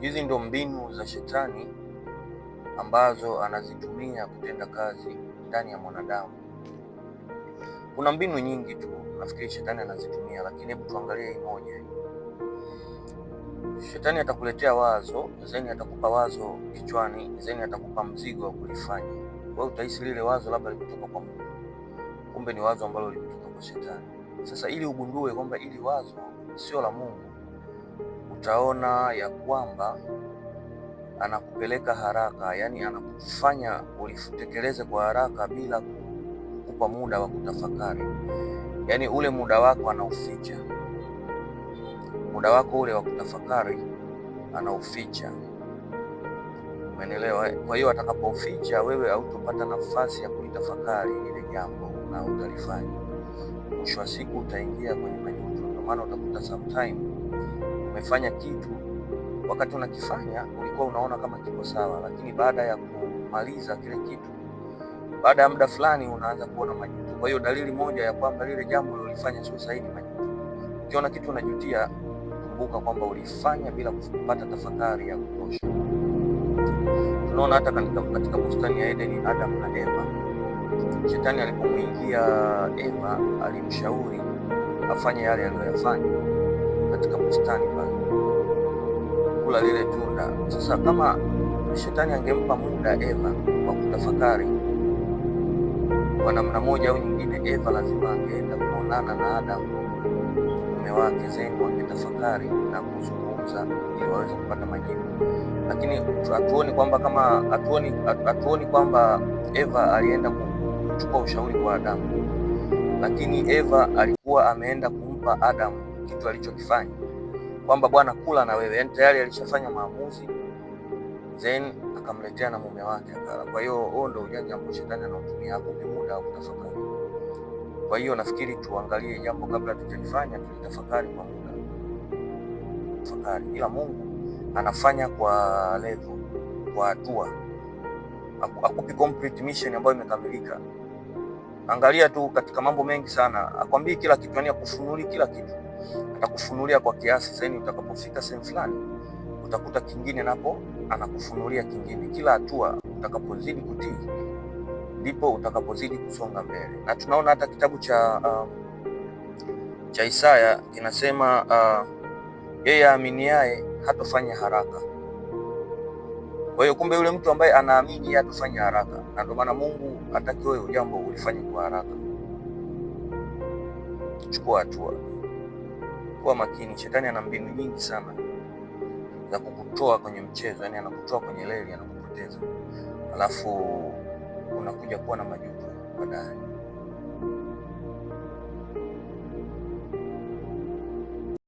Hizi ndo mbinu za shetani ambazo anazitumia kutenda kazi ndani ya mwanadamu. Kuna mbinu nyingi tu nafikiri shetani anazitumia, lakini hebu tuangalie hii moja. Shetani atakuletea wazo, zeni atakupa wazo kichwani, zeni atakupa mzigo wa kulifanya. Wewe utahisi lile wazo labda limetoka kwa Mungu, kumbe ni wazo ambalo limetoka kwa shetani. Sasa ili ugundue kwamba ili wazo sio la Mungu utaona ya kwamba anakupeleka haraka, yaani anakufanya ulitekeleze kwa haraka bila kukupa muda wa kutafakari. Yaani ule muda wako anauficha, muda wako ule wa kutafakari anauficha. Umeelewa? Eh? Kwa hiyo atakapoficha wewe, hautopata nafasi ya kulitafakari ile jambo na utalifanya. Mwisho wa siku utaingia kwenye majuto. Ndio maana utakuta sometime umefanya kitu, wakati unakifanya ulikuwa unaona kama kiko sawa, lakini baada ya kumaliza kile kitu, baada ya muda fulani unaanza kuona majuto. Kwa hiyo dalili moja ya kwamba lile jambo ulilofanya sio sahihi ni majuto. Ukiona kitu unajutia, kumbuka kwamba ulifanya bila kupata tafakari ya kutosha. Tunaona hata katika bustani ya Edeni, Adam na Eva, shetani alipomwingia Eva alimshauri afanye yale aliyoyafanya katika bustani kula lile tunda. Sasa kama shetani angempa muda Eva wa kutafakari kwa namna moja au nyingine, Eva lazima angeenda kuonana na Adamu mume wake Zeni, wangetafakari na kuzungumza ili waweze kupata majibu, lakini hatuoni kwamba kama hatuoni hatuoni kwamba Eva alienda kuchukua ushauri kwa Adamu, lakini Eva alikuwa ameenda kumpa Adamu kitu alichokifanya kwamba bwana, kula na wewe, yani tayari alishafanya maamuzi, then akamletea na mume wake akala. Kwa hiyo huo ndio ujanja ambao shetani anautumia hapo, kwa muda wa kutafakari. Kwa hiyo nafikiri tuangalie jambo kabla tujalifanya, tulitafakari kwa muda tafakari, ila Mungu anafanya kwa level, kwa hatua, akupi complete mission ambayo imekamilika. Angalia tu katika mambo mengi sana, akwambii kila kitu, yani akufunuli kila kitu, atakufunulia kwa kiasi. Sasa utakapofika sehemu fulani, utakuta kingine napo anakufunulia kingine. Kila hatua utakapozidi kutii, ndipo utakapozidi kusonga mbele, na tunaona hata kitabu cha uh, cha Isaya kinasema uh, yeye aaminiaye hatofanya haraka kwa hiyo kumbe yule mtu ambaye anaamini atafanya haraka, na ndio maana Mungu hataki wewe ujambo ulifanye kwa haraka. Chukua hatua, kuwa makini. Shetani ana mbinu nyingi sana za kukutoa kwenye mchezo, yani anakutoa kwenye reli, anakupoteza, alafu unakuja kuwa na majuto baadaye.